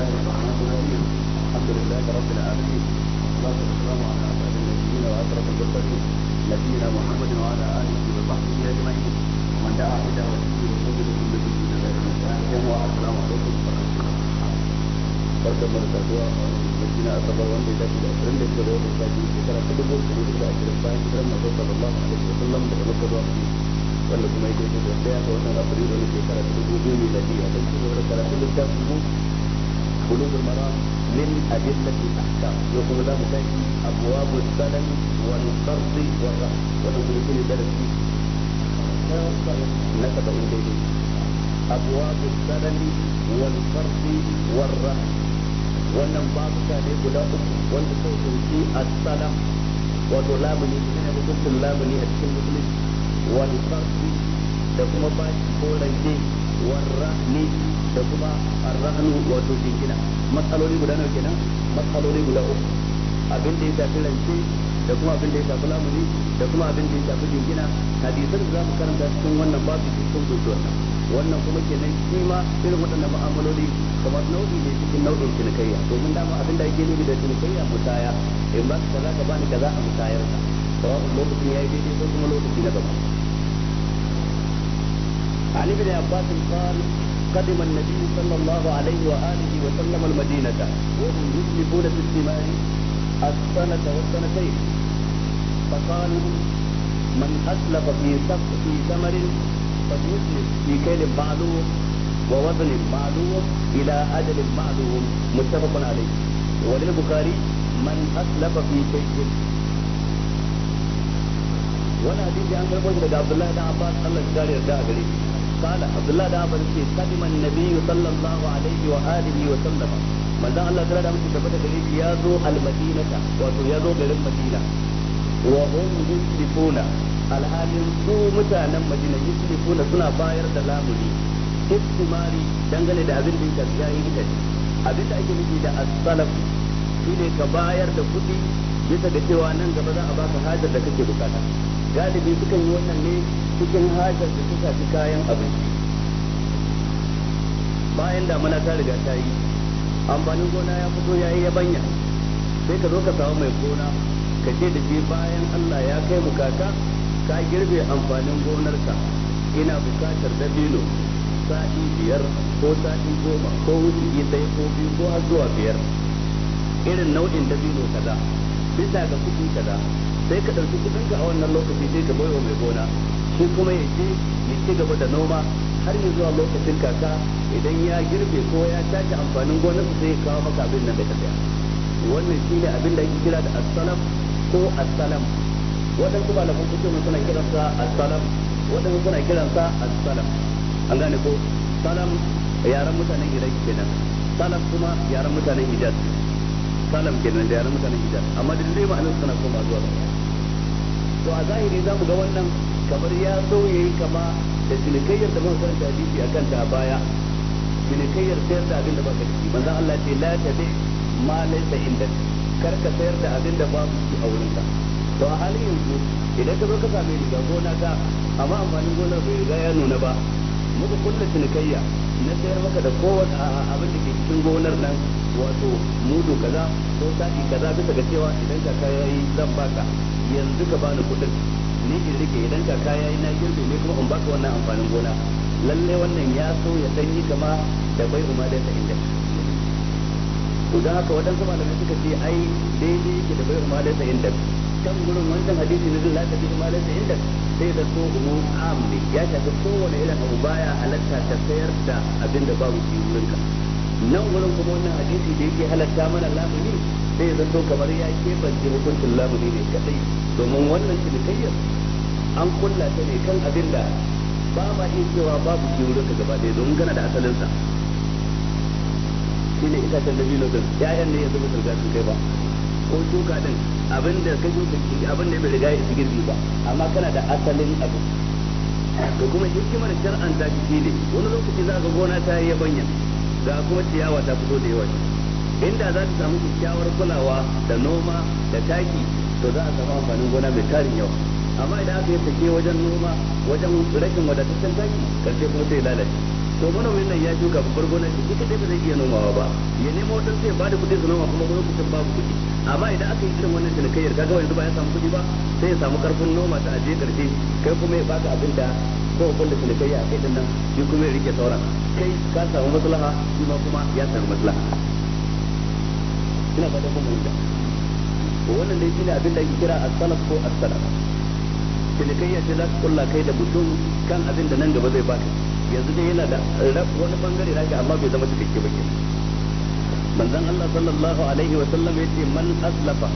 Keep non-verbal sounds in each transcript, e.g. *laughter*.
لله والرحمن الرحيم الحمد لله رب العالمين والصلاة والسلام على أسعد النبيين وأشرف المرسلين نبينا محمد وعلى آله وصحبه أجمعين ومن دعا بدعوته وسلم بسنته إلى يوم الدين والسلام عليكم ورحمة الله barka mu da saduwa a wajen na asabar wanda ya dace da ashirin da shida da wata sati shekara ta dubu da dubu da ashirin bayan hijirar mazo sallallahu alaihi wa sallam daga makka zuwa madina wanda kuma ya dace da daya ga watan afrilu na shekara ta dubu biyu miladiya don ci gaba da karatun littafin mu بلوغ المرام من أدلة الأحكام يقول لا مكاني أبواب السلم والقرض والرأس ولو بلكل بلد فيه إليه أبواب السلم والقرض والرأس wannan babuka ne guda uku wanda sau sauki a salam wato lamuni ne na hukuncin lamuni a cikin musulunci wani farsi da kuma baki ko rance warra ne da kuma arrahnu wato jingina matsaloli guda nawa kenan matsaloli guda uku abin da ya shafi rance da kuma abin da ya shafi lamuni da kuma abin da ya shafi jingina hadisan da za mu karanta cikin wannan babu su cikin gudu wannan kuma kenan shi ma irin waɗannan ma'amaloli kamar nau'i ne cikin nau'in cinikayya domin dama abin da ake nufi da cinikayya musaya in ba ka za ka bani kaza a musayar ka sawa'un lokacin ya yi daidai ko kuma lokaci na gaba. Ali bin Abbas قال قدم النبي صلى الله عليه وآله وسلم المدينة وهم يسلكون في الثمار السنة والسنتين فقالوا من أسلف في في ثمر فليسلف في كيل معلوم ووزن معلوم إلى أجل معلوم متفق عليه وللبخاري من أسلف في شيء wani hadisi an karɓo shi daga Abdullahi dan Abbas Allah ya kare da gare shi قال عبد الله بن عمر يقول قدم النبي صلى الله عليه واله وسلم manzon Allah tare da mutum tabbata gare shi ya zo almadinata wato ya zo garin madina wa hum yusrifuna alhalin su mutanen madina yusrifuna suna bayar da lamuni istimari dangane da abin da ya shafi yayin itace abin da ake nufi da as-salaf shine ka bayar da kuɗi bisa da cewa nan gaba za a baka hajar da kake bukata galibi sukan yi wannan ne cikin hajar da suka fi kayan abinci bayan damuna ta riga ta yi amfanin gona ya fito ya yi yabanya sai ka zo ka samu mai gona ka ce da shi bayan Allah ya kai mu kaka ka girbe amfanin gonarka ina bukatar dabino sa'i biyar ko sa'i goma ko wuce ɗaya ko biyu ko har zuwa biyar irin nau'in dabino kaza bisa ga kuɗi kaza sai ka ɗauki kuɗinka a wannan lokaci sai ka baiwa mai gona shi kuma ya je ya ci gaba da noma har ya zuwa lokacin kaka idan ya girbe ko ya tashi amfanin gonar su sai ya kawo maka abin nan da ka saya wannan shi ne abin da ake kira da assalam ko assalam waɗansu malaman kuke mun suna kiransa assalam waɗansu suna kiransa assalam an gane ko salam yaran mutanen iraki kenan salam kuma yaran mutanen hijaz salam kenan da yaran mutanen hijaz amma da dai ma'anar suna koma zuwa to a zahiri za mu ga wannan kamar ya so ya yi kama da cinikayyar da muka karanta hadisi a kanta a baya cinikayyar sayar da abin da ka ciki manzon Allah ce la ne ma laisa inda kar ka sayar da abin da ba shi a wurinka to a halin yanzu idan ka zo ka same ga gona ta amma amfanin gonar bai riga ya nuna ba muka kulle cinikayya na sayar maka da kowace abin da ke cikin gonar nan wato mudu kaza ko sa'i kaza bisa ga cewa idan ka kai zan baka yanzu ka bani kuɗin ni in rike idan ka kaya na girbe ne kuma in baka wannan amfanin gona lalle wannan ya so ya sanyi kama da bai umar da ta inda ku don haka waɗansu malamai suka ce ai daidai yake da bai umar da ta inda kan gurin wancan hadisi na zai lafi umar da ta inda sai da so umu am ne ya shafi kowane irin abu baya halatta ta sayar da abin da babu shi wurinka nan gurin kuma wannan hadisi da yake halatta mana lamuni sai zan to kamar ya kebance hukuncin lamuni ne kadai domin wannan cinikayyar an kulla ta ne kan abin da ba ma iya cewa babu shi wurin ka gaba ɗaya domin gana da asalinsa shi ne itacen dabino din ya'yan ne ya ba su sun kai ba ko shuka din abin da ka shuka shi abin da bai riga ya girbi ba amma kana da asalin abu to kuma hikimar shar'an ta shi ne wani lokaci za ka gona ta yi yabanya ga kuma ciyawa ta fito da yawa inda za ta samu kyakkyawar kulawa da noma da taki to za a samu amfanin gona mai tarin yau amma idan aka yi sake wajen noma wajen rashin wadataccen taki karshe kuma sai lalace to manomin nan ya shuka babbar gona shi shi dai ba zai iya nomawa ba ya nemo wata sai ba da kuɗi su noma kuma lokacin babu kuɗi amma idan aka yi irin wannan cinikayyar kaga yanzu ba ya samu kuɗi ba sai ya samu karfin noma ta ajiye karshe kai kuma ya baka abin da ko kulle cinikayya a kai din nan shi kuma ya rike sauran kai ka samu maslaha shi ma kuma ya samu maslaha ina ba da kuma yadda to wannan dai shine abin da ake kira as-salaf ko as-salaf cinikayya ce za ka kulla kai da mutum kan abin da nan gaba zai baka yanzu dai yana da wani bangare naka amma bai zama cikakke ba ke manzon Allah sallallahu alaihi wa sallam yace man aslafa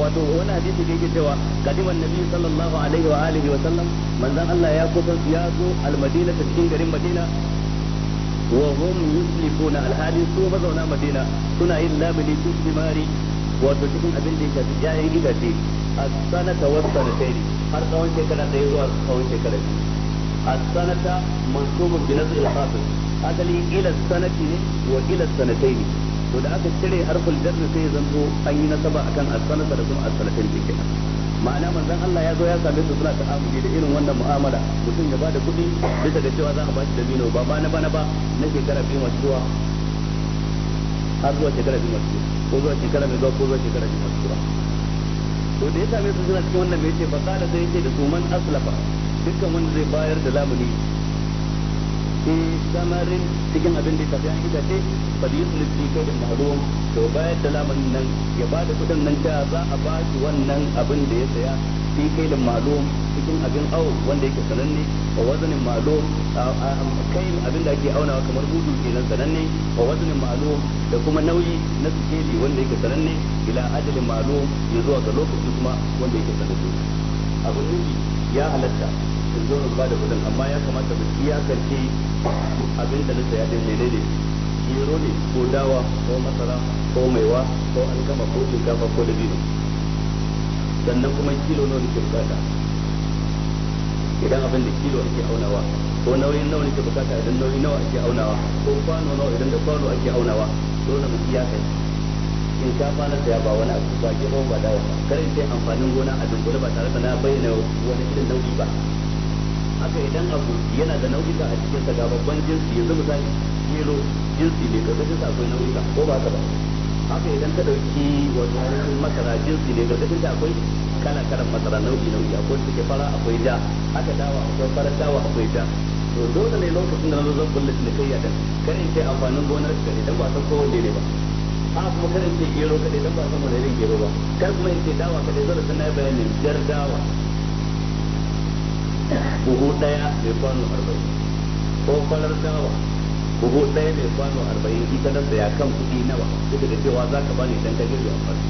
wato wani hadisi da yake cewa kadiman nabi sallallahu alaihi wa alihi wa sallam manzon Allah ya kusa ya zo al-madina cikin garin madina wa hum yuslifuna alhali su mazauna madina suna yin labani su simari wato cikin abin da ya shafi jayen gidaje a sanata wasu sanataini har tsawon shekara ɗaya har tsawon shekara biyu a sanata mansubun bi nasu ilhafin asali ila sanati ne wa ila sanataini to da aka cire harful jarri sai ya zanto an yi nasaba akan as-sanata da kuma as-sanataini kenan ma'ana manzon Allah ya zo ya same su suna ta'amuli da irin wannan mu'amala mutum ya bada kuɗi bisa ga cewa za a bashi dabino ba ba na bana ba na shekara biyu masu zuwa har zuwa shekara biyu masu zuwa ko zuwa shekara mai zuwa ko zuwa shekara biyu masu zuwa to da ya same su suna cikin wannan mai ce fa kada sai ce da su man aslafa dukkan wanda zai bayar da lamuni fi samarin cikin abin da tafi an itace fa da yusuf fi kai da marum to bayar da lamarin nan ya ba da kudin nan ta za a ba shi wannan abin da ya saya fi kai da marum cikin abin au wanda yake sananne a wazanin marum kai abin da ake aunawa kamar gudu nan sananne a wazanin marum da kuma nauyi na sikeli wanda yake sananne ila ajalin marum ya zuwa ga lokaci kuma wanda yake sananne abin nufi ya halatta in zo in bada kudin amma ya kamata mu iyakance abin da na saya din menene gero ne ko dawa ko masara ko maiwa ko gama ko shinkafa ko dabino sannan kuma kilo nawa nake bukata idan abin da kilo ake aunawa ko nauyin nawa nake bukata idan nauyi nawa ake aunawa ko kwano nawa idan da kwano ake aunawa dole mu iyakance shinkafa na saya ba wani abu ba ke ba dawa kar in sai amfanin gona a dunkule ba tare da na bayyana wani irin nauyi ba haka idan abu yana da nau'ika a cikin sa ga babban jinsi yanzu misali kilo jinsi ne karkashin sa akwai nau'ika ko ba haka ba haka idan ka dauki wato ainihin masara jinsi ne karkashin sa akwai kala kala masara nau'i nau'i akwai suke fara akwai ja haka dawa akwai fara dawa akwai ja to dole ne lokacin da na zo zan kulle cinikayya din kar in ce amfanin gonar ka ne dan ba san kowanne ne ba a kuma kar in ce gero kadai dan ba san wani ne gero ba kar kuma in ce dawa kadai dole sai na bayanin jar dawa buhu daya mai kwano arba'in ko kwalar dawa buhu daya mai kwano arba'in ita da saya kan kuɗi nawa duk da cewa za ka bani dan gaje da amfani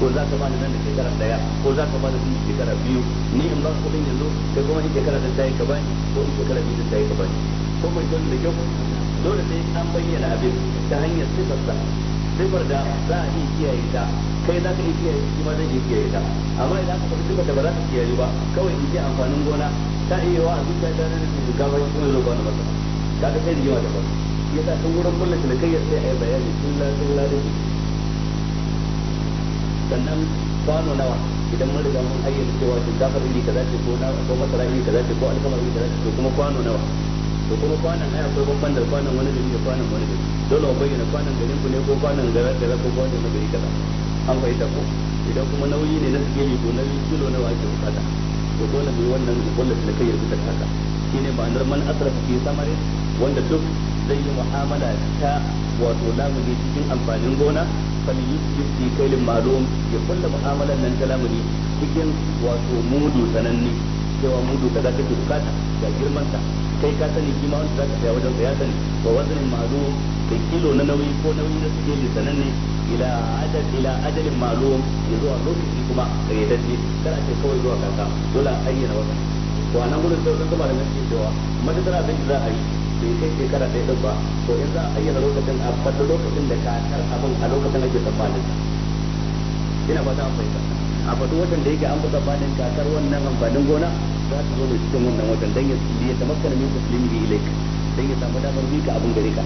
ko za ka bani nan da shekara daya ko za ka bani nan da shekara biyu ni in ba kuɗin yanzu kai kuma in shekara da tayi ka bani ko in shekara biyu da tayi ka bani ko mai don da kyau dole sai an bayyana abin ta hanyar sifarsa sifar da za a iya kiyaye ta kai za ka iya kiyaye shi ma zai iya kiyaye ta amma idan aka faɗi sifar da ba za ka kiyaye ba kawai in ce amfanin gona ta iya wa a zuciya ta nan da shinkafa shi kuma zo kwana masa kaga sai rigima da ya yasa tun wurin kai ya sai a yi bayani tun lafiya lafiya sannan kwano nawa idan mun riga mun ayyana cewa shinkafar iri kaza ce ko na ko masara iri kaza ce ko alkama iri kaza ce to kuma kwano nawa to kuma kwanan ai akwai bamban da kwanan wani da kwanan wani da dole mu bayyana kwanan garin ku ne ko kwanan garin da ko kwanan na gari kaza an fahimta ko idan kuma nauyi ne na yi ko nauyi kilo na ake bukata to dole ne wannan wallahi da kai ya fita haka shine ba man asra fi samare wanda duk zai yi mu'amala ta wato lamuni cikin amfanin gona fali yusuf fi kailin ma'lum ya kulla mu'amalan nan ta lamuni cikin wato mudu sananne cewa mudu kaza take bukata ga girman ta kai ka sani kima wanda ka saya wajen ya sani ba wazanin ma'lum da kilo na nauyi ko nauyi na sikeli sananne ila adad ila ajalin malum ya zuwa lokaci kuma da kayyadadde kar a ce kawai zuwa kaka dole a ayyana wata ko anan gurin sai wasu malamai suke cewa madadar abin da za a yi bai kai shekara ɗaya ɗin ba to in za a ayyana lokacin a fadda lokacin da ka tar abin a lokacin ake tsammanin ina ba ta amfani a fadu watan da yake an buga fadin kakar wannan amfanin gona za ta zo ne cikin wannan watan don ya tamakka na min musulmi bi ilaika don ya samu damar mika abin gare ka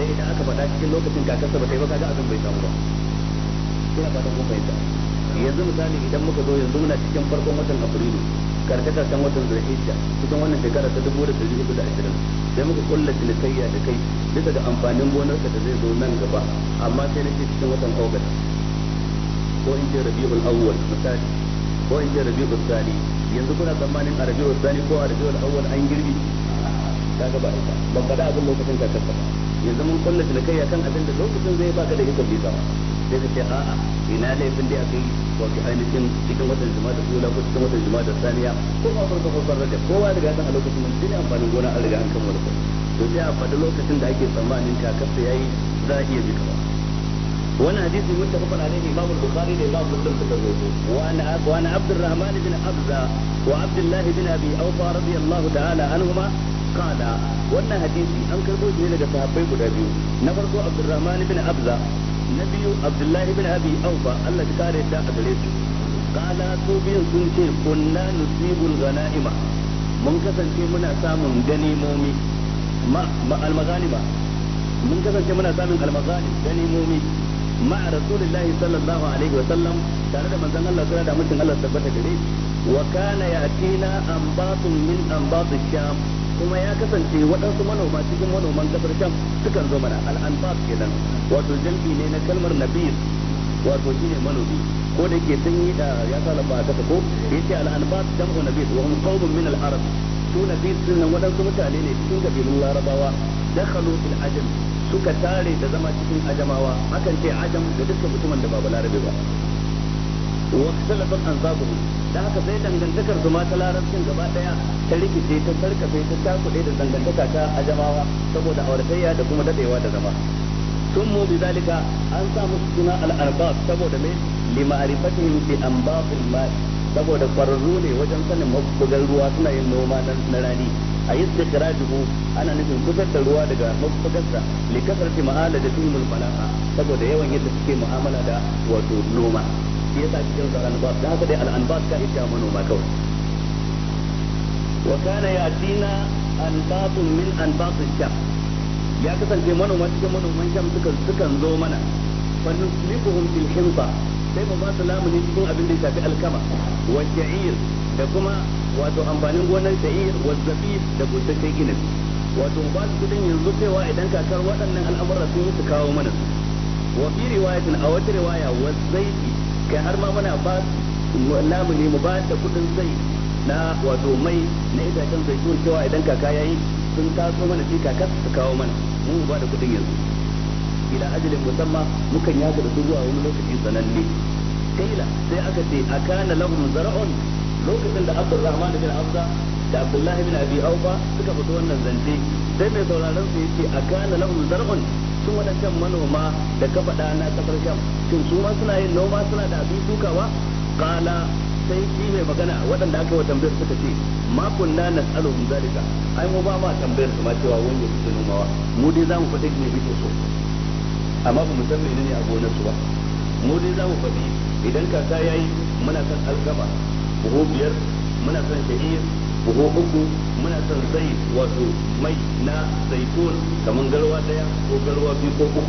sai idan aka faɗa cikin lokacin kakarsa ba ta yi ba kaga abin bai samu ba ina fatan kun fahimta yanzu misali idan muka zo yanzu muna cikin farkon watan afrilu karshe karshen watan zulhijja cikin wannan shekara ta dubu da dari hudu da ashirin sai muka kulla cinikayya da kai bisa ga amfanin gonarka da zai zo nan gaba amma sai nake cikin watan august ko in ce rabi'ul awwal misali ko in ce rabi'ul sani yanzu kuna tsammanin a rabi'ul sani ko a rabi'ul awwal an girbi kaga ba ban faɗa abin lokacin kakarsa ba yanzu mun kulla cinikayya kan abin da lokacin zai baka da ikon bisawa sai ka ce a'a ina laifin da aka yi wato ainihin cikin watan jima'a da kula ko cikin watan jima'a da saniya ko ma farko farkon rage kowa da gasan a lokacin mun jini amfanin gona an riga an kammala ko to sai a faɗi lokacin da ake tsammanin kakarsa yayi za a iya bikawa wannan hadisi mun muttafaqun alaihi ne al-bukhari da imam muslim suka rawaito wa wa ana abdurrahman bin abza wa abdullah bin abi awfa radiyallahu ta'ala anhuma qala wannan hadisi an karbo shi daga sahabbai guda biyu na farko Abdurrahman ibn Abza na biyu Abdullah ibn Abi Awfa Allah ya kare ta a gare su qala su biyun sun ce kunna nusibul ghanaima mun kasance muna samun ganimomi ma al-maghanima mun kasance muna samun al-maghanim ganimomi مع رسول الله صلى الله عليه tare da manzon Allah sura da mutum Allah tabbata gare wa kana yatina anbatun min anbat sham kuma ya kasance waɗansu manoma cikin manoman kasar sham sukan zo mana al'anfas kenan wato jam'i ne na kalmar nabir wato shine manomi ko da yake sun yi da ya sa lamba a ko yace al'anfas jam'u nabir wa hum qaumun min al-arab su nabir din nan waɗansu mutane ne cikin kabilun larabawa dakhalu fil ajam suka tare da zama cikin ajamawa akan ce ajam da dukkan mutumin da babu balarabe ba واختلفت انسابهم da haka sai dangantakar su ma ta larabcin gaba daya ta rikice ta sarkafe ta takuɗe da dangantaka ta ajamawa saboda auratayya da kuma dadewa da zama sun mu bi zalika an sa musu suna al-arbab saboda me li ma'rifatihim bi anba'il ma'i saboda kwararru ne wajen sanin mafugan ruwa suna yin noma na rani a yi istikhrajuhu ana nufin kusar da ruwa daga mafugarsa likasar kasarti ma'ala da tumul bala'a saboda yawan yadda suke mu'amala da wato noma shi yasa ake kiransa al-anbas da haka dai al-anbas ka iya manoma kawai wa kana yatina anbatun min anbatin sha ya kasance manoma cikin manoman sha sukan sukan zo mana fa nusliquhum fil himba sai mu ba su lamuni cikin abin da ya shafi alkama wa sha'ir da kuma wato amfanin gonar sha'ir wa zabib da busasshen inabi wato ba su kudin yanzu cewa idan kakar waɗannan al'amura sun yi su kawo mana su wa fi riwayatin a wata riwaya wa zaiti kai har ma muna ba namu ne mu ba da kudin zai na wato mai na itacen tun cewa idan kaka yayi sun taso mana shi kaka su kawo mana mu ba da kudin yanzu ila ajalin musamma mukan yaga da su zuwa wani lokaci sananne kaila sai aka ce akana lahum zara'un lokacin da Abdurrahman bin Abda da Abdullahi bin Abi Aufa suka fito wannan zance sai mai sauraron su yace akana lahum zara'un irin waɗancan manoma da ka faɗa na kasar sham shin su ma suna yin noma suna da abin shukawa kala sai shi mai magana waɗanda aka wa tambayar suka ce ma kunna nas'aluhum zalika ai mu ba ma tambayar su ma cewa wanda suke nomawa mu dai zamu faɗi ne ta so amma ba mu san ne a gonar su ba mu dai zamu faɗi idan kaka yayi muna san alkama buhu biyar muna san sha'ir buhu uku muna son zai wato mai na zaitun kamar garwa daya ko garwa biyu ko uku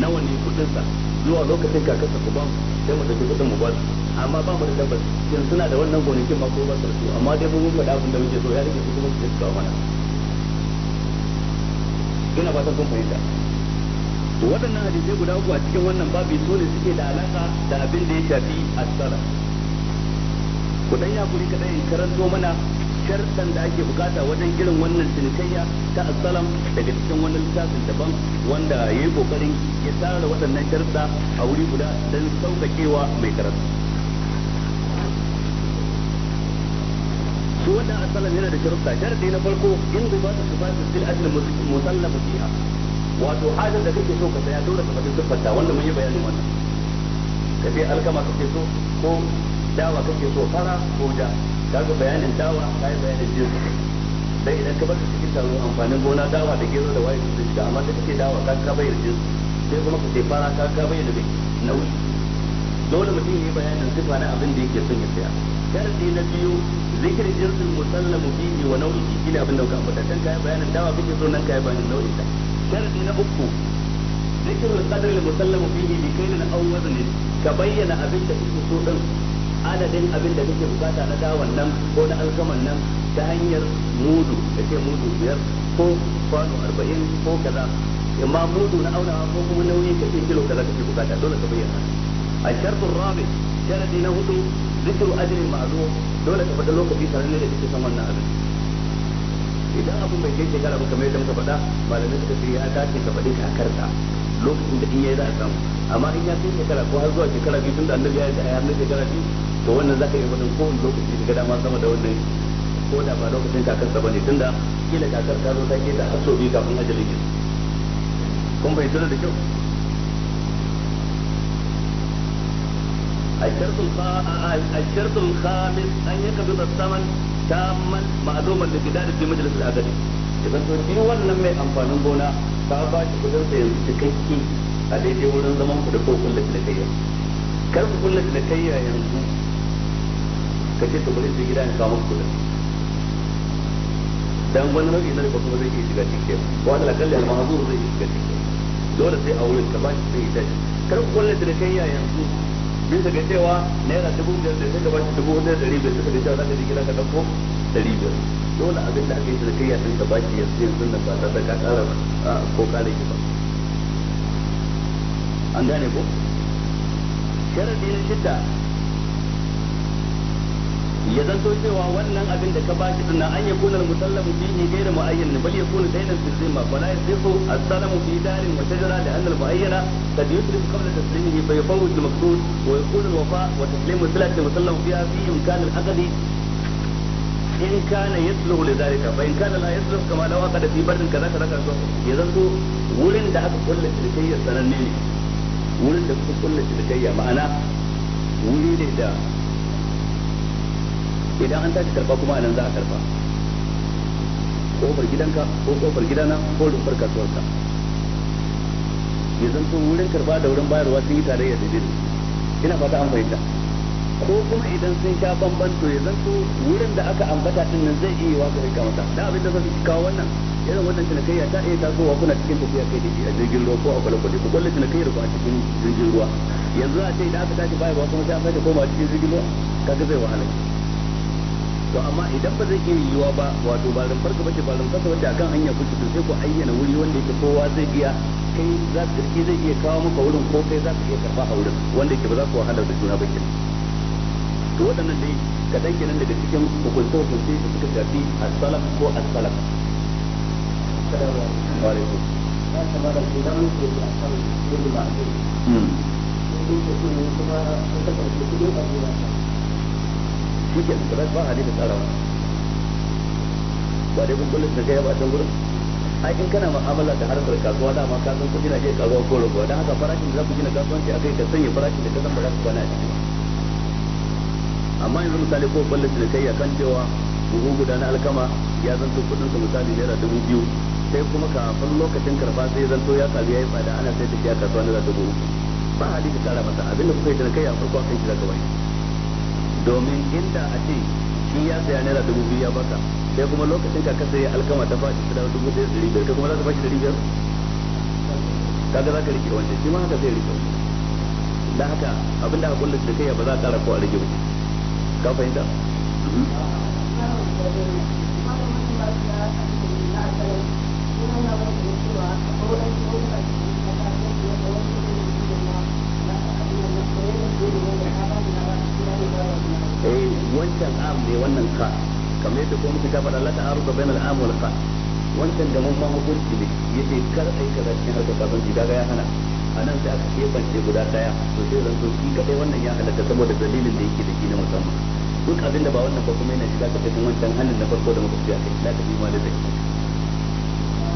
nawa ne kudin sa zuwa lokacin kakarsa ku ba mu sai mu tafi kudin mu ba su amma ba mu da tabbas shin suna da wannan gonakin ma ko ba su su amma dai mun faɗa abin da muke so ya rike su kuma su kawo mana ina ba ta kun fahimta waɗannan hadisai guda uku a cikin wannan babi su ne suke da alaka da abin da ya shafi asara ku ɗan ya kuri kadan karanto mana sharɗan da ake bukata wajen irin wannan cinikayya ta asalam daga cikin wani littafin daban wanda ya yi kokarin ya tsara waɗannan sharɗa a wuri guda don sauƙaƙewa mai karatu su wannan asalan yana da sharuɗa sharɗi na farko in ba su su fasu sil asli musallafa fiha wato hajar da kake so ka saya dole ka faɗi siffarta wanda mun yi bayanin wannan ka ce alkama kake so ko dawa kake so fara ko ja kaga bayanin dawa kai bayanin jin dai idan ka bar cikin taro amfanin gona dawa da gero da waye su shiga amma da kake dawa ka ka bayyana jin sai kuma ka sai fara ka ka bayyana na wuce. dole mutum yi bayanin sifa na abin da yake son ya saya sharadi na biyu zikir jinsin musallamu fihi wa nau'ihi shine abin da ka ambata kan kai bayanin dawa kake so nan kai bayanin nau'in ta sharadi na uku zikir al-qadr al-musallamu fihi bi kaylin aw wazni ka bayyana abin da kake so din adadin abin da kake bukata na dawon nan ko na alkaman nan ta hanyar mudu da ke mudu biyar ko kwano arba'in ko kaza amma mudu na aunawa ko kuma nauyi ka ce kilo kaza kake bukata dole ka bayyana a sharfin rabin sharadi na hudu zikiru ajalin ma'azu dole ka faɗa lokaci tare ne da kake son wannan abin idan abin bai kai shekara ba kamar yadda muka faɗa malamai suka ce ya dace ka faɗi kakarta lokacin da in yayi za a samu amma in ya kai shekara ko har zuwa shekara biyu tun da annabi ya yi da har na shekara biyu to wannan zaka iya faɗin kowane lokaci gada ma sama da wannan ko da ba lokacin kakar sa bane tunda kila kakar ta zo ta ke ta haso biyu kafin ajalin ki kun bai tuna da kyau an yi الشرط الشرط الخامس أن يقبض الثمن تاما معلوما لكدار في مجلس الأدب idan to shi wannan mai amfanin gona ta ba shi kudin sa yanzu cikakki a daidai wurin zaman ku da ko kullace da kayya kar ku kullace da kayya yanzu ka ce bari su gida in kawo kudin dan wani nau'i na rikon kuma zai iya shiga cikin wa da lakalli al-mahzur zai iya shiga cikin dole sai a wurin ka ba shi sai ya tashi kar ku kullum da kai ya yanzu bisa ga cewa naira dubu biyar da suka bashi dubu biyar da ribe suka da cewa zaka je gida ka dauko dari biyar dole abin da aka yi da kai ya sun ka bashi yanzu yanzu nan ba ta da ka kara ko kare shi ba an gane ko sharadi na shidda ya zanto cewa wannan abin da ka ba din nan an yakuna al-musallamu fihi ghayra mu'ayyan bal yakunu daynan fi zimma fa la yasifu as-salamu fi darin wa shajara li anna al-mu'ayyana qad yusrifu qabla taslimihi fa yufawwid al-maqsud wa yakunu al-wafa wa taslimu salati al-musallam fiha fi imkan al-aqd in kana yasluhu li dhalika fa in kana la yasluhu kama law aqada fi barin kaza kaza kaza ya zanto wurin da aka kulle cinikayya sananne ne wurin da kuka kulle cinikayya ma'ana wuri ne da idan an tashi karba kuma anan za a karba kofar gidanka ko kofar gidana ko rufar kasuwarka ya zanto wurin karba da wurin bayarwa sun yi tare da jini ina fata an fahimta ko kuma idan sun sha bamban to ya zanto wurin da aka ambata din nan zai iya wa ka mata da abin da zai kawo wannan irin wannan cinikayya ta iya tasowa kuna cikin tafiya kai da shi a jirgin ruwa ko a kwale-kwale ko kwallo cinikayyar ku a cikin jirgin ruwa yanzu a ce idan aka tashi bayarwa kuma sai an fahimta koma cikin jirgin ruwa kaga zai wahala to amma idan ba zai iya yiwuwa ba wato ba rumfar ka bace ba rumfar ka bace akan hanya kuke to sai ku ayyana wuri wanda yake kowa zai iya kai za ka kai zai iya kawo maka wurin ko kai za ka iya karba a wurin wanda yake ba za ku wahala da juna ba kenan to waɗannan dai kaɗan kenan daga cikin hukunta hukunta da suka shafi as-salaf ko as-salaf assalamu alaikum Hmm. shi da ba hali da tsara ba dai kun kullum da ba can gurin in kana mu'amala da harkar kasuwa da ka san kuɗi na iya ko haka farashin da za ku gina kasuwanci a kai ka sanya farashin da ka san ba za ku kwana a ciki amma yanzu misali ko kullum da kai kan cewa buhu guda na alkama ya zanto kuɗin misali naira dubu biyu sai kuma kafin lokacin karba sai zanto ya ya yi tsada ana sai kasuwa naira dubu ba hali ka masa abinda kuka yi da kai a farko akan shi za domin inda a ce shi ya saya naira dubu biyu ya baka sai kuma lokacin ka kasa ya alkama ta fashi ta dubu ɗaya ɗari biyar kai kuma za ka fashi ɗari biyar kaga za ka rike wancan shi ma haka zai rike wancan da haka abin da aka da kai ba za a ƙara ko a rage ba ka fahimta Thank you. wancan am ne wannan ka kamar yadda kuma muka tabbata Allah ta'ala ruba bainal am wal ka wancan da mun ma hukunci ne yace kar ai kaza cikin harkar ji daga ya hana anan sai aka kebance guda daya to sai ran so shi kadai wannan ya halatta saboda dalilin da yake da shi na musamman duk abin da ba wannan ba kuma yana shiga cikin wancan hannun na farko da muka fi akai la ka bi ma da zai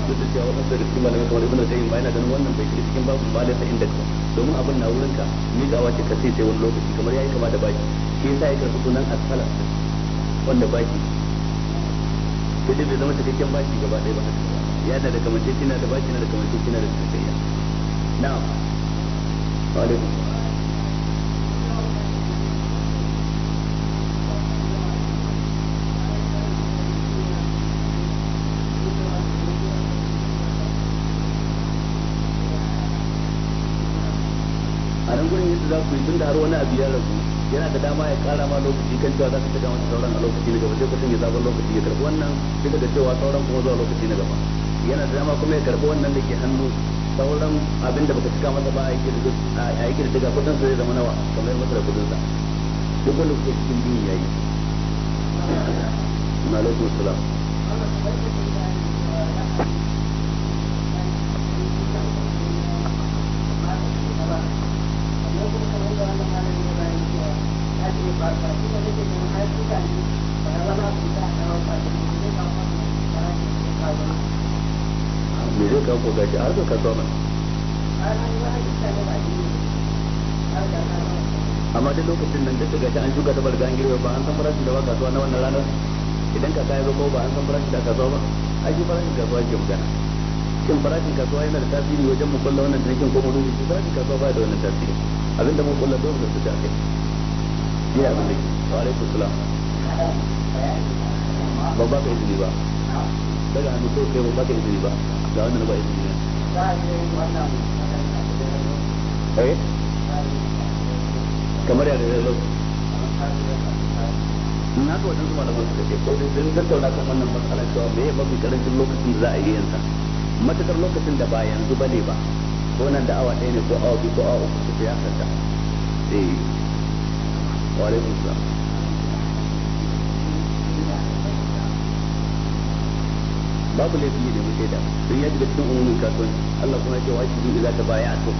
duk da cewa wannan sai da cikin malamai kamar ibnu tayyib ba yana ganin wannan bai shiga cikin babu malaka inda ka domin abin na wurinka ni ga wace ka sai sai wani lokaci kamar yayi kama da baki shi yasa ya karɓi sunan asfala wanda baki sai dai bai zama cikakken baki gaba ɗaya ba haka ya da da kamance tina da baki na da kamance tina da cikakkiya na'am wa alaikum a nan gurin yadda za ku yi tun da har wani abu ya ragu yana da dama ya kara ma lokaci kan cewa za ka shiga wani sauran a lokaci na gaba sai kusan ya zaɓi lokaci ya karɓi wannan duk daga cewa sauran kuma zuwa lokaci na gaba yana da dama kuma ya karɓi wannan da ke hannu sauran abin da baka cika masa ba a yake da daga kudin zai zama nawa kamar masa da kudin sa duk wanda kuke cikin biyu yayi na alaikum salam ko gashi har ka zauna amma duk lokacin nan duk an shuka ta barga ba an san farashin da ba kasuwa na wannan ranar idan ko ba an san farashin da kasuwa ba ai shi farashin kasuwa ke magana shin farashin kasuwa yana da tasiri wajen mu kulla wannan ko shi farashin kasuwa ba da wannan tasiri mu kulla dole su ta kai abin da wa alaikum salam ba ba ka izini ba daga hannu ko kai ba ka izini ba da wanda na ba izini na eh kamar yadda ya zo na ga wajen zuwa da masu kake ko dai sun tattauna kan wannan matsala cewa me ya mafi karancin lokacin da za a yi yansa matakar lokacin da ba yanzu ba ne ba ko nan da awa ɗaya ne ko awa biyu ko awa uku su fi ya kanta eh wa alaikum salam babu laifi ne mu shaida don ya shiga cikin umumin kasuwanci Allah kuma ce wa shi ne za ta baya a to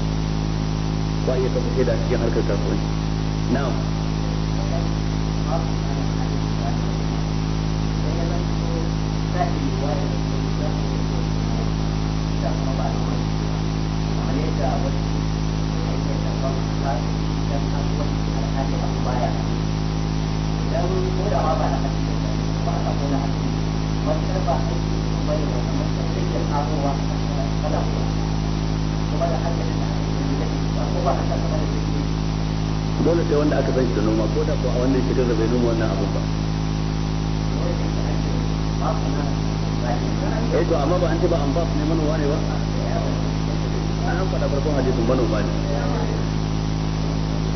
ba iya kafa shaida cikin harkar kasuwanci na'am Thank you. dole sai wanda aka san shi da noma ko da ko a wannan shekarar bai noma wannan abu ba eh to amma ba an ce ba an ba ne manoma ne ba an fada farkon hadisin manoma ne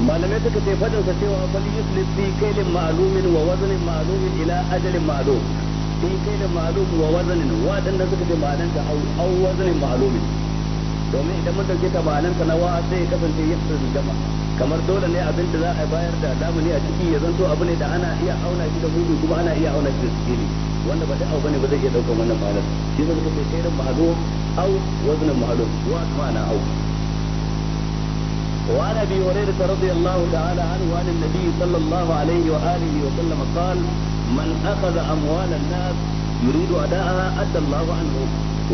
malamai suka ce fadin sa cewa fal yusli fi kailin ma'lumin wa wazanin ma'lumin ila ajalin ma'lum daidai da ma'lum wa wazanin waɗanda suka ce ma'anan ta au wazanin ma'lumin domin idan mun dauke ta ma'anan ta na wa sai ya kasance yadda su jama kamar dole ne abin da za a bayar da damuni a ciki ya zanto abu ne da ana iya auna shi da hudu kuma ana iya auna shi da sikeli wanda ba ta abu bane ba zai iya daukan wannan ma'anar shi zai kace sai ran ma'lum au wazanin ma'lum wa ma'ana au وعن ابي هريره رضي الله تعالى عنه عن النبي صلى الله عليه واله وسلم قال من أخذ أموال الناس يريد أداءها أدى الله عنه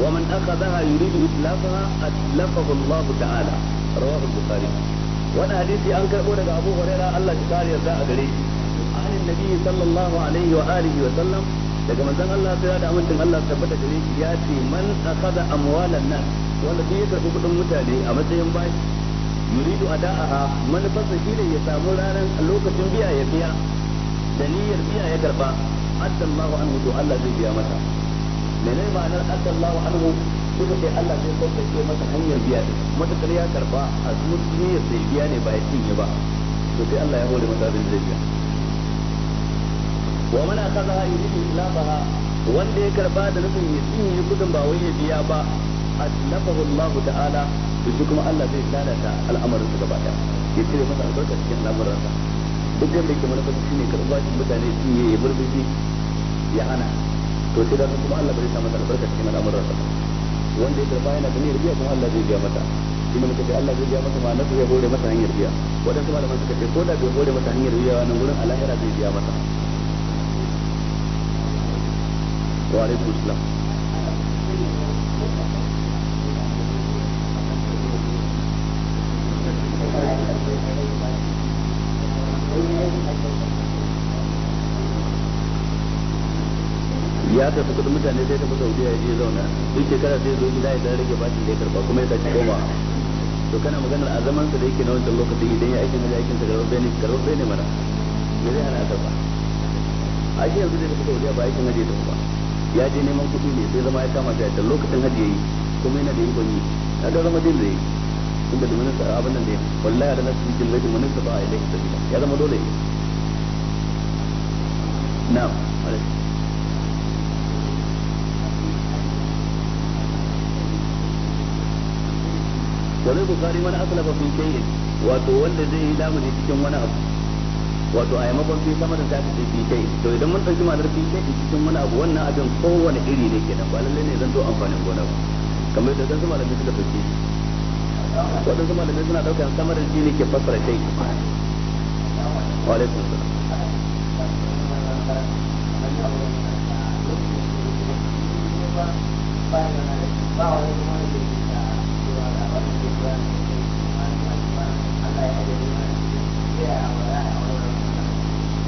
ومن أخذها يريد إتلافها أتلفه الله تعالى رواه البخاري وانا حديثي أن كربونا أبو هريرة الله تعالى يرجع أدري عن النبي صلى الله عليه وآله وسلم daga manzon Allah sai da amincin Allah tabbata da shi ya ce man akhadha amwalan nas wanda duk ya karbi kudin mutane a matsayin bashi yuridu ada'aha manufar sa shine ya samu ranar lokacin biya ya biya da niyyar biya ya karba addallahu anhu to Allah zai biya masa menene ma'anar addallahu anhu suka ce Allah zai sauƙaƙe masa hanyar biya din matakar ya karba a zuciyar sai biya ne ba ya cinye ba to sai Allah ya hore masa abin zai biya wa man akhadha yuridu islafaha wanda ya karba da nufin ya cinye kudin ba wai ya biya ba aslafahu Allah ta'ala to shi kuma Allah zai lalata al'amarin su gaba ɗaya ya cire masa albarka cikin al'amuransa duk wanda yake mana shi ne karɓa shi mutane sun yi ya burbushi ya hana to sai da kuma Allah bai sa masa albarka cikin al'amuran sa wanda ya karɓa yana da niyyar biya kuma Allah zai biya mata shi ne muka ce Allah zai biya masa ma nasu ya hore masa hanyar biya wadansu malaman suka ce ko da bai hore masa hanyar biya wannan gurin alahira zai biya masa wa alaikum assalam ya tafi kudin mutane sai tafi saudi ya je zauna duk shekara sai zo gida ya rage bashin da ya karba kuma ya sake koma to kana maganar a zaman sa da yake na wancan lokaci idan ya aikin da aikin sa garba ne garba ne mana me zai hana karba a shi yanzu da tafi saudi ba aikin haji da kuma ya je neman kudi ne sai zama ya kama shi a lokacin haji yayi kuma yana da yin ikon yi kaga zama din da yi inda da minista abin nan ne wallahi da nasu cikin laifin minista ba a ilai sabila ya zama dole na'am zai bukari mana ba fi shay'in wato wanda zai yi lamuni cikin wani abu wato a yamakon fi sama da ta fi fi kai to idan mun ɗauki ma'anar fi kai cikin wani abu wannan abin kowane iri ne ke nan ba lallai ne zan to amfanin gona ba kamar yadda zan zama da suka ɗauke shi waɗansu malamai suna ɗaukar samar da shi ne ke fassara shai wa alaikum salam ba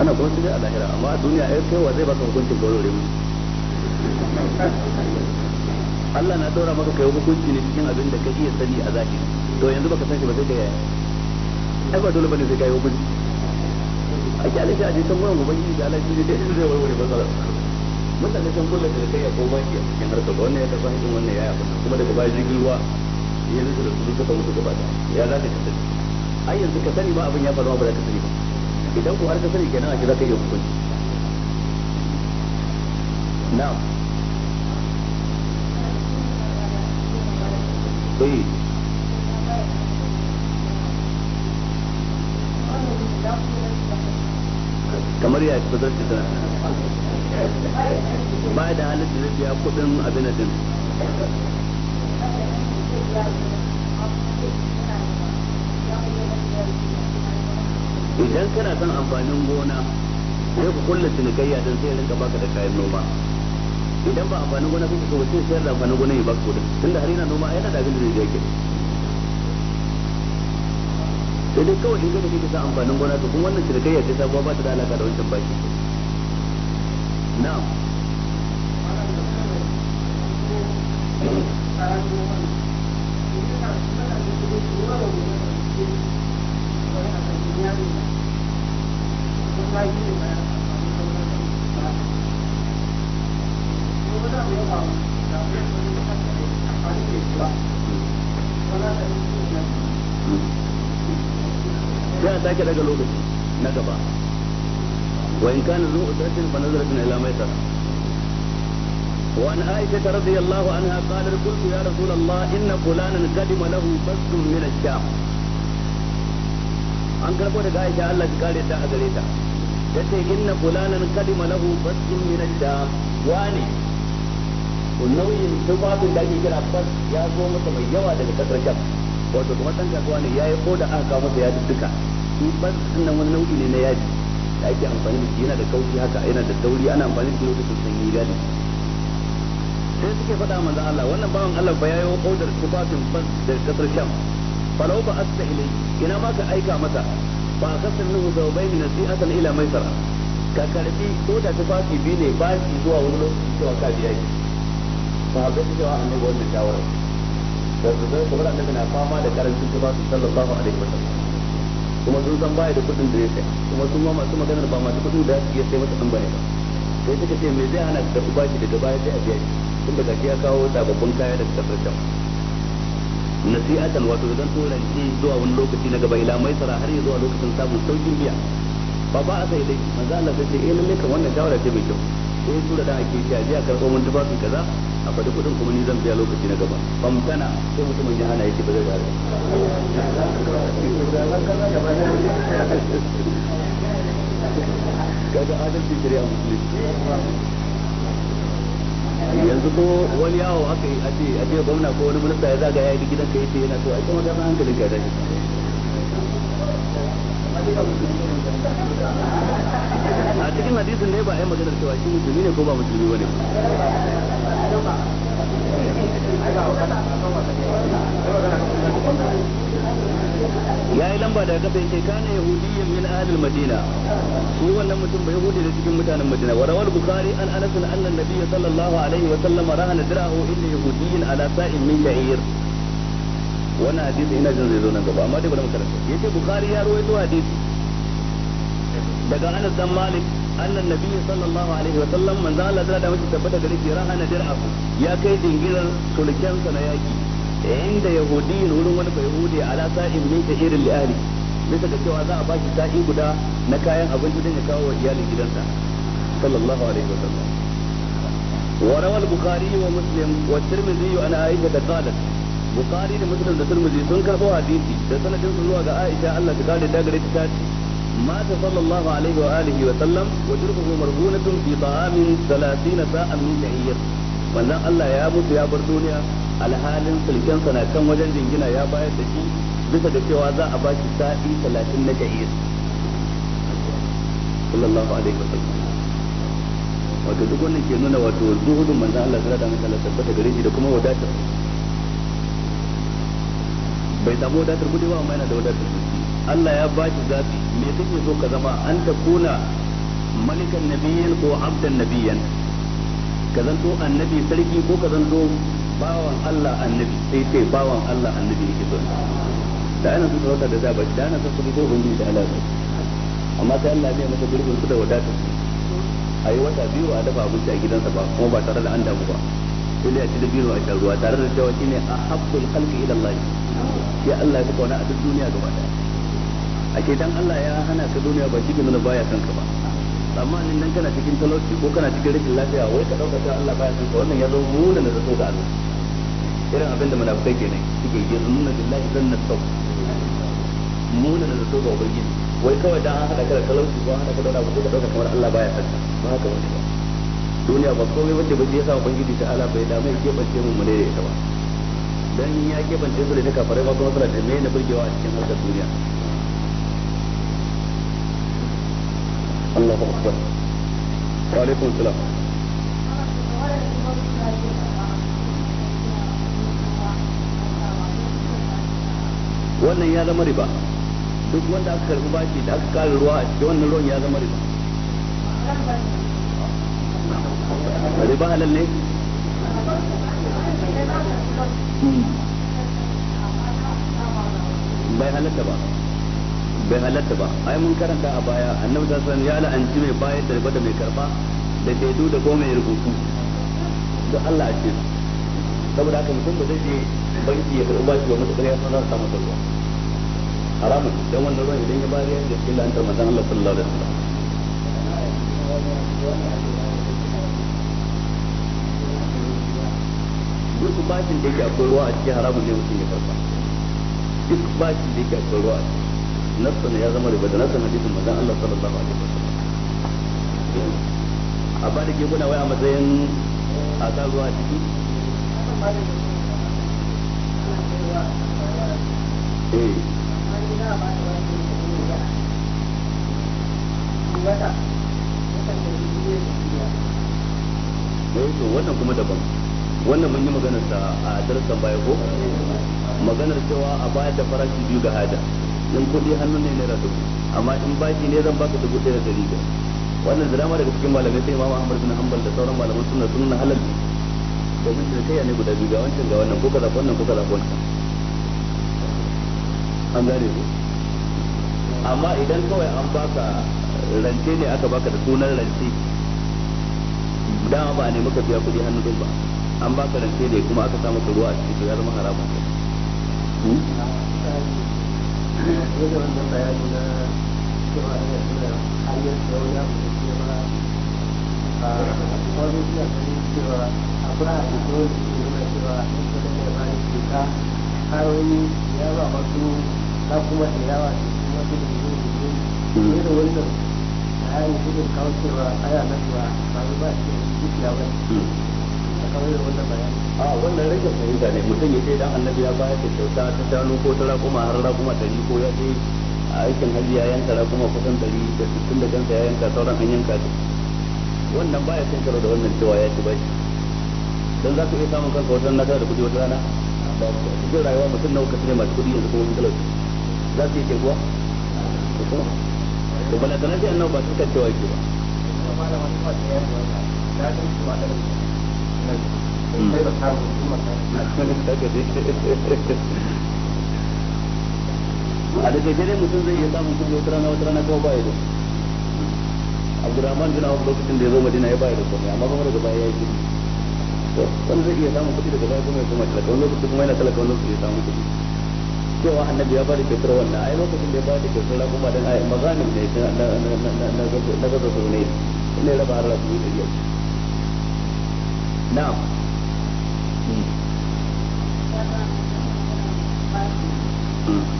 ana kuma su a lahira amma a duniya kai wa zai baka hukuncin ne mu Allah na daura maka kai hukunci ne cikin abin da ka iya sani a zaki. to yanzu baka san shi ba sai ka yaya ai ba dole bane sai ka yi hukunci a kyale shi a jikin can gurin ubangiji da Allah shi ne dai zai warware matsalar mutane sun kula da kai ya koma shi a cikin harkar wannan ya tafi wannan ya yi kuma daga baya jirgin ruwa ya zai da su suka mutu gaba ya za ka kasance ai yanzu ka sani ba abin ya faruwa ba za ka sani ba idan ko har ka sani kenan a shi za ka iya hukunci na'am eh kamar ya fi zarce tana ba da halittar ya kudin abinadin idan kana son amfanin gona sai ku kulle cinikayya don sai rinka baka da kayan noma idan ba amfanin gona kake so sai sayar da amfanin gona ya baka kudin tunda har yana noma yana da abin da zai sai dai kawai in ga kake sa amfanin gona to kuma wannan cinikayya ce sabuwa ba ta da alaka da wancan baki na'am sai a sake daga lokaci na gaba wa in kana zuwa usratin fa nazaratin ila maisara وعن عائشة رضي الله عنها قالت قلت يا رسول الله إن فلانا قدم له بسط من الشام an karɓo daga Aisha Allah ta kare ta a gare ta tace inna fulanan kadima lahu basdun min ash-sham wani nauyin tufafin da kira bas ya zo masa mai yawa daga kasar Sham wato kuma dan kasuwa ne yayi ko da aka kawo masa yadi duka bas din wani nau'i ne na yadi da ake amfani da shi yana da kauci haka yana da dauri ana amfani da shi lokacin sanyi gadi sai suke faɗa manzan Allah wannan bawan Allah ba yayo odar tufafin fas da kasar Sham falau ba asta ilai ina ma ka aika masa ba a kasar nuhu zaubai min nasi'atan ila maisara ka karbi oda tufafi biyu ne ba shi zuwa wani lokaci cewa ka biya shi ba ga cewa annabi wannan shawara da su zai kuma annabi na fama da karancin tufafi sallallahu alaihi wasallam kuma sun san baya da kudin da ya kai kuma sun ma masu maganar ba masu kudin da ya sai masa an bane ba sai suka ce me zai hana da ku bashi daga baya sai a biya shi tun da gashi ya kawo sababbin kaya daga kasar sham nasi'atan wato idan to rance zuwa wani lokaci na gaba ila mai tsara har zuwa lokacin samun saukin biya ba ba a sai dai manzo Allah sai eh lalle kan wannan shawara ce mai kyau sai tura da ake ci a je a karɓo mun tufafin kaza a faɗi kuɗin kuma ni zan biya lokaci na gaba ban sai mutumin ya hana yake ba zai gare kaga adalci shari'a musulunci yanzu ko wani yawo aka yi aje aje gwamna ko wani minista ya zaga ya yi gidan ka yace yana so ai kuma ka san hankalin ka dai a cikin hadisin ne ba ai maganar cewa shi musulmi ne ko ba musulmi bane ba ya yi lamba daga kafa yake kana yahudiyyan min ahlil madina shi wannan mutum bai yahudi da cikin mutanen madina wa rawal bukhari an anas an annan nabiyyi sallallahu alaihi wa sallam rahana dirahu inda yahudiyyin ala sa'in min sha'ir wannan hadisi ina jin zai zo nan gaba amma dai bari mu karanta yace bukhari ya rawaito hadisi daga anas dan malik annan nabiyyi sallallahu alaihi wa sallam manzo Allah da mutum tabbata gare shi rahana dirahu ya kai dingirar sulkensa na yaki inda yahudiyin wurin wani bai yahudi ala sa'in min kahirin li bisa ga cewa za a shi sa'i guda na kayan abinci don ya kawo wa iyalin gidansa sallallahu alaihi wasallam وروى البخاري ومسلم والترمذي عن عائشة قالت بخاري ومسلم والترمذي سن كربوا حديثي ده سنة ta عائشة الله تقال ده قريت مات صلى الله عليه وآله وسلم وجرفه مرهونة في طعام ثلاثين ساعة من شعير wannan Allah ya mutu ya bar duniya alhalin sulkensa na kan wajen jingina ya bayar da shi bisa da cewa za a ba shi sa'i talatin na ja'ir sallallahu alaihi wasallam wato duk wannan ke nuna wato zuhudun manzon Allah sallallahu alaihi wasallam tabbata gare shi da kuma wadatar bai samu wadatar kudi ba amma yana da wadatar Allah ya ba shi zafi me kake so ka zama an ta kuna malikan nabiyyan ko abdan nabiyyan ka zanto annabi sarki ko ka zanto bawan Allah annabi sai ce bawan Allah annabi yake so da ana sun sarauta da da ba da ana sun su bido ubangiji da Allah amma sai Allah ya masa gurbin su da wadata a yi wata biyu a dafa abinci a gidansa ba kuma ba tare da an damu ba sai dai a ci da biyu a shan ruwa tare da cewa shine a habbul khalqi ila Allah ya Allah ya kauna a duk duniya gaba daya ake dan Allah ya hana ka duniya ba shi nuna baya son ka ba amma nan kana cikin talauci ko kana cikin rashin lafiya wai ka dauka ta Allah baya san ka wannan ya zo mu da zato ga Allah irin abin da munafikai ke nan suke yi zunna billahi zanna sau muna da zato ga ubangiji wai kawai dan an hada ka da talauci ko hada ka da wani abu ko dauka kamar Allah baya sanka ba haka wani ba duniya ba komai wanda ba ya sa ubangiji ta ala bai da mai kebance mu mu ne da ita ba dan ya kebance su da ta kafare ba kuma suna da me na burgewa a cikin harkar duniya Allahu akbar wa alaikum salam wannan ya zama riba duk wanda aka karbi bashi da aka kare ruwa a cikin wannan ruwan ya zama riba riba halal ne bai halatta ba bai halatta ba ai mun karanta a baya annabi sallallahu alaihi ya la'anci mai bayar da riba da mai karba da shaidu da ko mai rubutu da Allah a ce saboda haka mutum ba zai je banki ya karɓi bashi ba matuƙar ya san za su samu haramun don wannan ruwan idan ya bayar ya da shi la'antar manzon Allah sallallahu alaihi wasallam duk bashin da yake akwai ruwa a cikin haramun ne mutum ya karɓa duk bashin da yake akwai ruwa a cikin nassana ya zama riba da nassana hadisin mazan Allah sallallahu alaihi wasallam a ba da ke kuna wai a matsayin a sa ruwa a ciki Eh. Eh, wannan kuma daban wannan mun yi maganar sa a darasan baya ko maganar cewa a bayar da farashi biyu ga hada in kudi hannun ne naira dubu amma in baki ne zan baka dubu ɗaya da dari biyar wannan da dama daga cikin malamai sai imamu ahmad bin hanbal da sauran malaman sunna sunna halal domin da kai ne guda biyu ga wancan ga wannan ko kaza wannan ko kaza wannan an gane amma idan kawai an baka rance ne aka baka da sunan rance dama ba ne maka biya kuɗi hannu ba an baka rance ne kuma aka samu ruwa a cikin ya zama haramun hmm? cewa ayoyi ya ba masu na kuma da yawa da kuma su da yi da wannan bayani su da kawo aya na cewa ba ba ce dukiya ba hmm. da kawai da wannan bayan a wannan rage fahimta ne mutum ya ce dan annabi ya bayar da kyauta ta shanu ko ta raƙuma har raƙuma dari ko ya ce a aikin hajji ya yanka raƙuma kusan ɗari da sittin da kansa ya yanka sauran an yanka su wannan baya cin karo da wannan cewa ya ci bai. don za ku iya samun kanka wata nasara da kuɗi wata rana da cikin rayuwa mutum ne masu yanzu kuma mutum za su yi ke kuwa to bala ba su kan cewa yake ba hmm. *laughs* a daga gare mutum zai iya samun wata rana wata rana kawai ba ya da abdurrahman bin lokacin da ya zo madina ya bayar da komai amma kuma daga baya ya yi wani zai iya samun kuɗi daga baya kuma ya koma talaka wani lokaci kuma yana talaka wani lokaci ya samu kuɗi cewa annabi ya bada kyautar wannan ai lokacin da ya bada kyautar raƙuma dan ai maganin ne na gaza su ne ne raba har rasu da yau na'am Mm-hmm.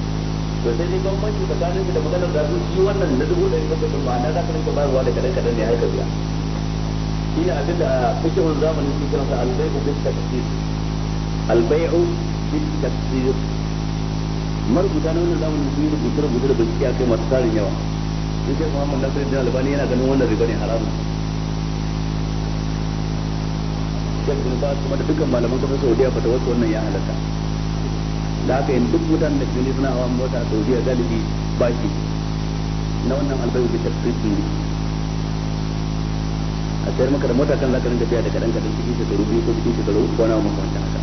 to sai dai bambanci tsakanin da maganar da shi wannan na dubu ɗari bakwai ɗin ba na za ka rinka bayarwa da kaɗan kaɗan ne har biya shi ne abin da fikihun zamanin shi kansa albai'u bi tafsir albai'u bi tafsir marubuta na wannan zamanin su yi rubuce rubuce da bincike akai masu tarin yawa in sai Muhammad Nasir da Albani yana ganin wannan riba ne haramun Shekh Bin kuma da dukkan malaman kafin Saudiya fata wasu wannan ya halatta da aka yin duk mutanen da ke suna hawa mota a saudiya galibi ba shi na wannan albayu bi tafsiri ne a sayar maka da mota kan ka rinka biya da kadan kadan cikin shekaru biyu ko cikin shekaru uku na wancan haka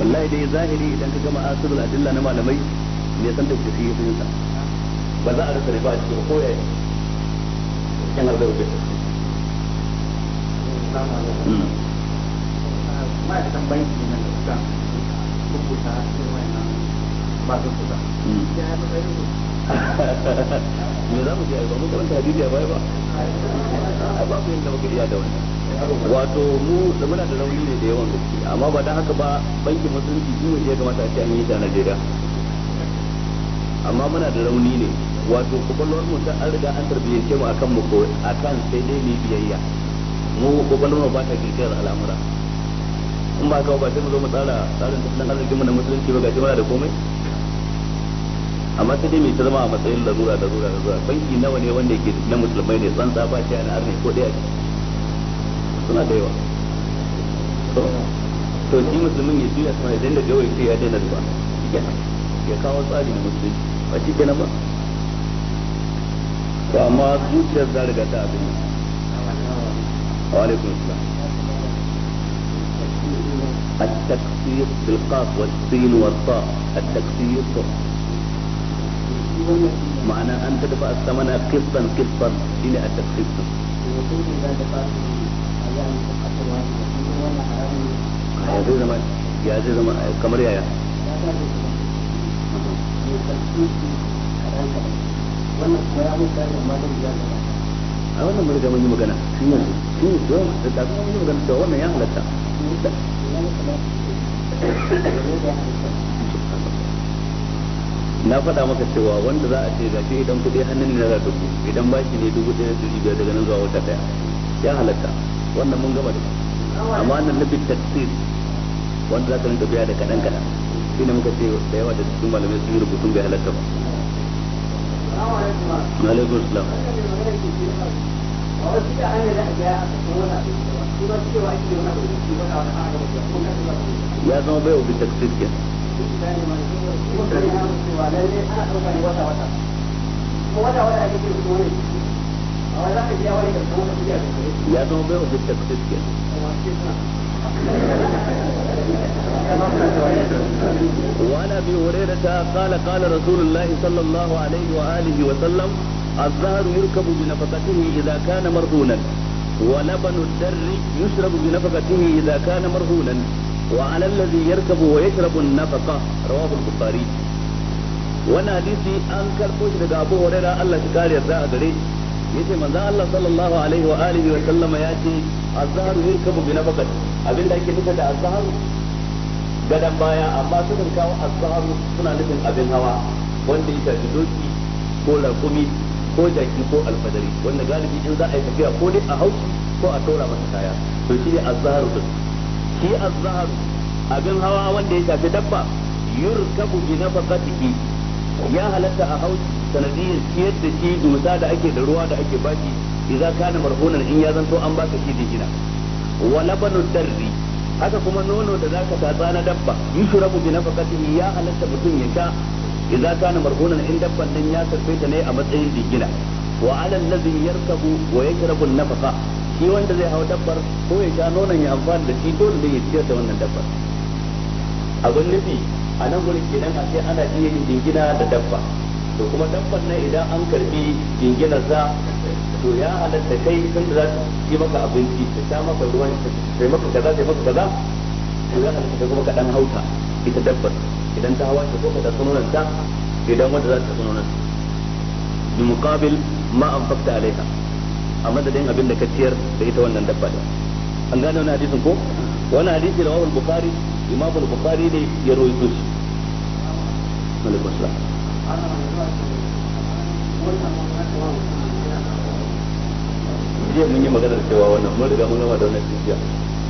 wallahi dai zahiri idan ka gama asirul adilla na malamai ne san da kusi yi sa ba za a rasa ba a cikin koya yan albayu bi tafsiri ma'aikatan banki na da rubuta cikin wayannan ba su kusa ya yi matsayin me za mu je a ba mu karanta hadisi a baya ba a ba mu yadda muka iya da wannan wato mu da muna da rauni ne da yawan gaske amma ba dan haka ba bankin musulunci shi ne ya kamata a ce an yi ta Najeriya amma muna da rauni ne wato kwakwalwar mu ta an riga an tarbiyyance mu akan mu akan sai dai mu biyayya mu kwakwalwar mu ba ta kirkirar al'amura in ba kawo ba sai mu zo mu tsara tsarin tattalin arzikin mu na musulunci ba gashi muna da komai amma sai dai mai ta zama a matsayin larura da zura banki nawa ne wanda yake na musulmai ne tsantsa ba shi na arne ko daya suna da yawa to shi musulmin ya juya sama idan da gawa ya ce ya daina zuwa ya kawo tsari na musulunci ba shi kenan ba to amma zuciyar zarga ta abin wa alaikum salam التكسير بالقاف والسين والطاء التكسير معنى أن تدفع الثمن قسطا قسطا إلى التكسير يا زي ما يا زي زمان كمر يا a wannan mun ga mun yi magana shi yanzu shi don da mun yi magana na faɗa maka cewa wanda za a ce gashi idan kuɗi hannun na dubu idan shi ne dubu ɗaya da biyar daga nan zuwa wata ɗaya ya halatta wannan mun gama da amma wannan nufin taksir wanda za ka rinka biya da kaɗan kaɗan shi ne muka ce da yawa da cikin malamai sun yi rubutun bai halatta ba. Alaikum salam. ya zama bai obi taksir ke ya zama bai obi taksir ke وعن ابي هريره قال قال رسول الله صلى الله عليه واله وسلم الزهر يركب بنفقته اذا كان مرهونا ولبن الدر يشرب بنفقته إذا كان مرهونا وعلى الذي يركب ويشرب النفقة رواه البخاري وانا حديثي أن كربوش لك أبو هريرة الله شكار يرزاء قريب yace manzo Allah sallallahu alaihi wa wa sallama yace azharu yurkabu bi nafaqat da azharu gadan baya amma sukan kawo azharu suna nufin abin hawa wanda ya shafi doki ko rakumi ko jaki ko alfadari wanda galibi in za a yi tafiya ko dai a haushi ko a tora masa kaya to shi ne azharu din shi azzaharu abin hawa wanda ya shafi dabba yurkabu bi nafaqatihi ya halatta a haushi sanadiyar ciyar da shi dusa da ake da ruwa da ake baki idan kana marhunan in ya zanto an baka shi da gina wa labanu darri haka kuma nono da zaka tatsa na dabba yushrabu bi nafaqatihi ya halatta mutum ya sha idza kana marhunan in dabban nan ya tarbe ta ne a matsayin digina wa alal ladhi yarkabu wa yashrabu an-nafaqa shi wanda zai hawa dabbar ko ya sha nonon ya amfani da shi dole ne ya ciyar da wannan dabbar abin nufi a nan gurin kenan a sai ana iya yin dingina da dabba to kuma dabbar nan idan an karbi dinginar za to ya halatta kai tunda za ta yi maka abinci ta sha maka ruwan sai maka kaza sai maka kaza to ya halatta kuma ka dan hauta ita dabbar idan ta hawa ta ko ka sunan ta idan wanda za ta sunan bi muqabil ma an fakta alaiha a madadin abin da ka ciyar da ita wannan dabba da an gane wannan hadisin ko wannan hadisi da wahul bukhari imam al-bukhari ne ya rawaito shi alaikum salam jiya mun yi magana cewa wannan mun riga mun gama da wannan jiya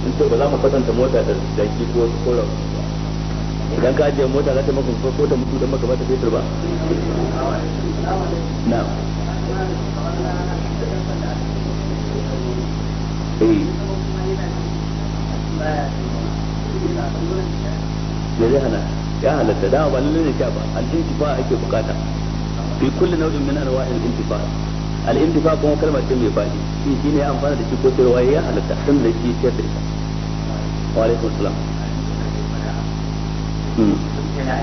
in to ba za mu kwatanta mota da jaki ko ko idan ka ajiye mota za ta maka ko ta mutu dan maka ba ta fetur ba na eh da zai hana ya halatta dama ba lullu ne sha ba al'intifa ake bukata fi kulli nau'in min anwa'il intifa al'intifa kuma kalmar ce mai fadi shi shine amfana da shi ko sayarwa ya halatta tun da shi sayar da ita wa alaikum salam shi wanda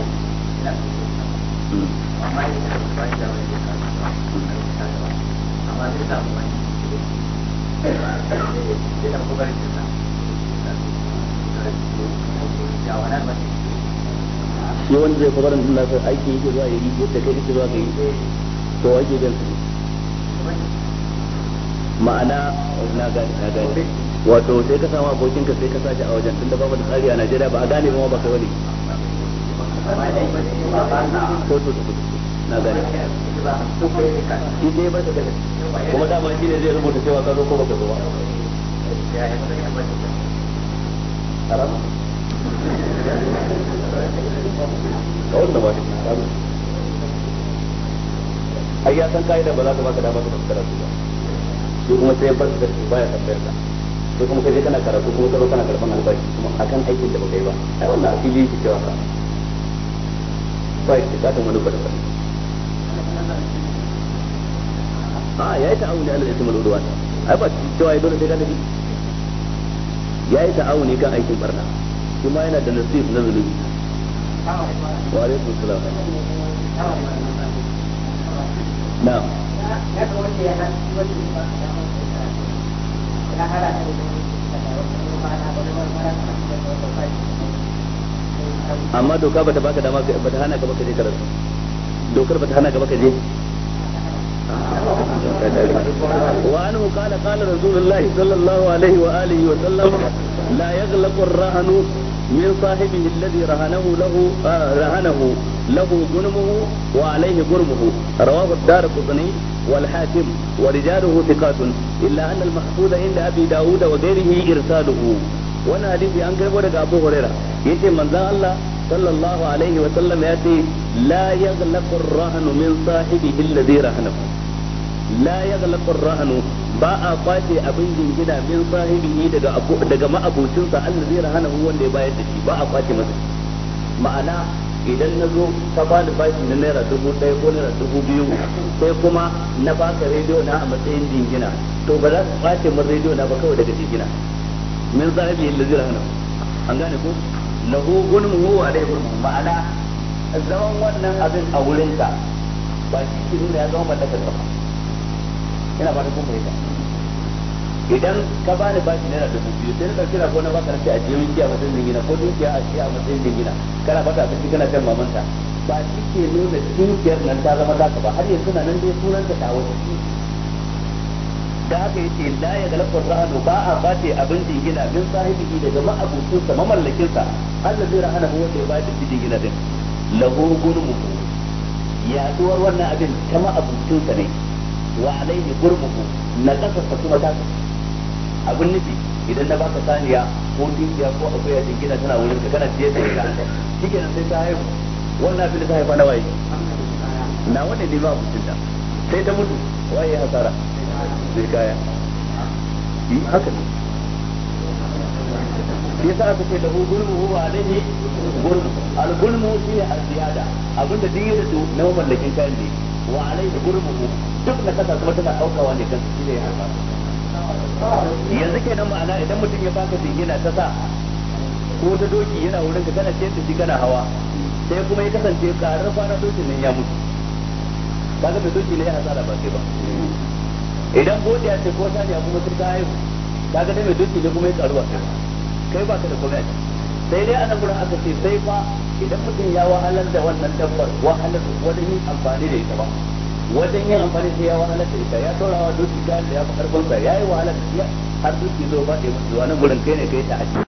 zai kwabarin sun lafi aiki yake zuwa yi yadda kai yake zuwa kai to ake gan su ma'ana na gani na gani wato sai ka sama abokinka sai ka sace a wajen tunda babu da tsari a Najeriya ba a gane ba ba kai wani ko to na gane shi dai ba kuma dama shi ne zai rubuta cewa ka zo ko baka zo ba harama ka wanda ba ai ya san ka'ida ba za ka baka dama ka fuskara su ba shi kuma sai ba da shi baya tambayar ka sai kuma kaje kana karatu kuma ka zo kana karban albashi kuma akan aikin da baka yi ba ai wannan asili yake cewa ka ba shi wani a ya yi ta'awuni ana da simul udwan ai ba cewa ya dole sai ka ya yi ta'awuni kan aikin barna kuma yana da nasib na zulubi wa alaikum salam ya amma doka bata baka dama bata hana ka baka je karatu dokar bata hana ka baka je wa anhu qala qala rasulullahi sallallahu alaihi wa alihi wa sallam la yaghlaqu ar-rahanu min sahibihi alladhi rahanahu lahu ah, rahanahu lahu wa alayhi gurmuhu rawahu ad-darqutni wal hakim wa rijaluhu thiqatun illa anna al-mahfuz inda abi daud wa ghayrihi irsaluhu wannan hadisi an karbo daga Abu Huraira yace manzon Allah sallallahu alaihi wa sallam ya ce la yaghlaqu ar-rahnu min sahibihi alladhi rahnahu la yaghlaqu ar-rahnu ba a kwace abin jingina min sahibihi daga daga sa alladhi rahnahu wanda ya bayar da shi ba a kwace masa ma'ana idan na zo ka bani bashi na naira dubu ɗaya ko naira dubu biyu sai kuma na baka rediyo na a matsayin jingina to ba za su kwace min rediyo na ba kawai daga jingina min zahabi allazi rahana an gane ko lahu gunmu wa alayhi gunmuhu ma'ana zaman wannan abin a wurin ka ba shi ke nuna ya zama mallakar ka ba ina ba ta kun fahimta idan ka bani bashi naira dubu biyu sai na ɗauki rago na baka nace a je a matsayin dingina ko dukiya a ce a matsayin dingina kana ba bata abinci kana kan mamanta ba shi ke nuna dukiyar nan ta zama ka ba har yanzu na nan dai sunanta ta wata da aka yi ce la ya galakun ra'anu ba a bace abin jingina bin sahibi daga ma'abucin sa mamallakin sa Allah zai rahana ko wanda ya bace da jingina din lahu ya yaduwar wannan abin ta ma'abucin sa ne wa alaihi gurmu na ta kuma ta abin nufi idan na baka saniya ko dukiya ko akwai jingina tana wurin ka kana ciye da ita nan sai ta haihu wannan abin da ta haifa na waye na wanda ne ba mutunta sai ta mutu waye hasara zai kaya yi hmm, haka ne shi yasa aka ce lahu gulmu huwa alaihi gulmu al-gulmu shine al-ziyada abinda na mallakin kayan ne wa alaihi gulmu duk na kasa kuma tana aukawa ne kan shine ya haka yanzu kenan ma'ana idan mutum ya baka dingina ta sa ko ta doki yana wurin ka kana ce da shi kana hawa sai kuma ya kasance karar fara dokin nan ya mutu kaga mai doki ne ya hasara ba sai ba idan godiya ce ko saniya kuma sai ta haihu kaga dai mai dutse ne kuma ya karuwa kai kai ba ka da komai sai dai anan gurin aka ce sai fa idan mutum ya wahalar da wannan dabbar wahalar wajen yin amfani da ita ba wajen yin amfani sai ya wahalar da ita ya saurawa dutse ta da ya fi karfin sa ya yi wahalar da ya har dutse zo ba da ya mutu wannan gurin kai ne kai ta aji